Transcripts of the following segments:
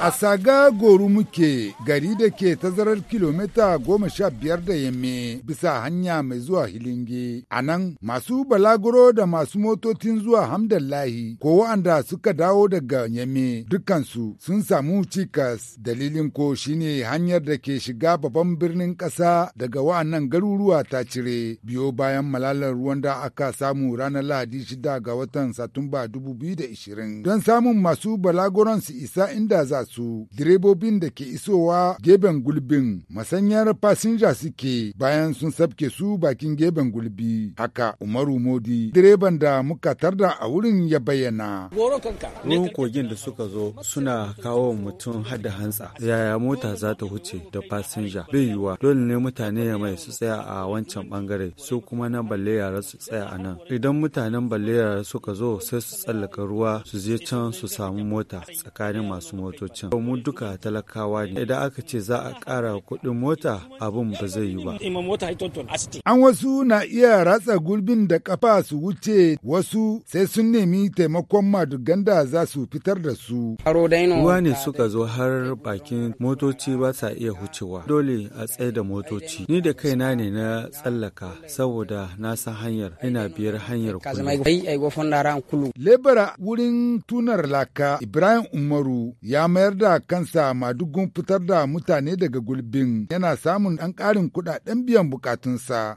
A saga goru muke gari da ke tazarar kilomita goma sha biyar da yamme bisa hanya mai zuwa Hilinge. A nan masu balaguro da masu motocin zuwa Hamdallahi ko wa'anda suka dawo daga yamme dukansu sun samu cikas dalilin ko shine hanyar da ke shiga babban birnin ƙasa daga wa'annan garuruwa ta cire biyo bayan malalar ruwan da aka samu ranar Lahadi shida ga watan Satumba 2020 don samun masu balaguron su isa inda za su direbobin da ke isowa geben gulbin masanyar fasinja suke bayan sun sabke su bakin geben gulbi haka umaru modi direban da muka tarda a wurin ya bayyana ruwan kogin da suka zo suna kawo mutum hada hantsa yaya mota za ta huce da fasinja bai yiwa dole ne mutane ya mai su tsaya a wancan bangare su kuma na balle yara su tsaya a nan idan mutanen balle yara suka zo sai su tsallaka ruwa su je can su samu mota tsakani tsakanin masu motocin mu duka talakawa ne idan aka ce za a ƙara kuɗin mota abin ba zai yi ba an wasu na iya ratsa gulbin da kafa su wuce wasu sai sun nemi taimakon madugan za su fitar da su ruwa ne suka zo har bakin motoci ba sa iya hucewa dole a tsaye da motoci ni da kaina ne na tsallaka saboda na san hanyar ina biyar hanyar kullum lebara wurin tunar laka ibrahim umar Umaru ya mayar da kansa madugun fitar da mutane daga gulbin yana samun ɗan ƙarin kuɗaɗen biyan bukatunsa.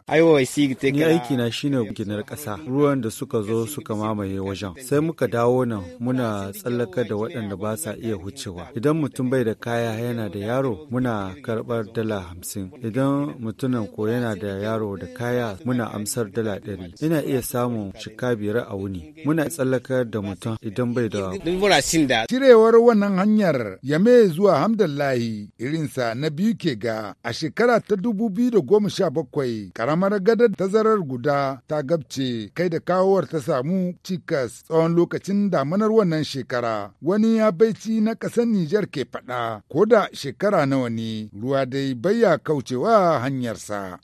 Ni aiki na shine ginar ƙasa ruwan da suka zo suka mamaye wajen. Sai muka dawo nan muna tsallaka da waɗanda ba sa iya hucewa. Idan mutum bai da kaya yana da yaro muna karɓar dala hamsin. Idan mutumin ko yana da yaro da kaya muna amsar dala ɗari. Ina iya samun shika biyar a wuni. Muna tsallakar da mutum idan bai da. Cirewar bar wannan hanyar ya mai zuwa hamdallahi irinsa na biyu ke ga a shekara ta dubu biyu da goma sha bakwai karamar gadar tazarar guda ta gabce kai da kawowar ta samu cikas tsawon lokacin damanar wannan shekara wani ya baici na ƙasar Nijar ke faɗa ko da shekara nawa ne ruwa dai bai ya kaucewa hanyarsa.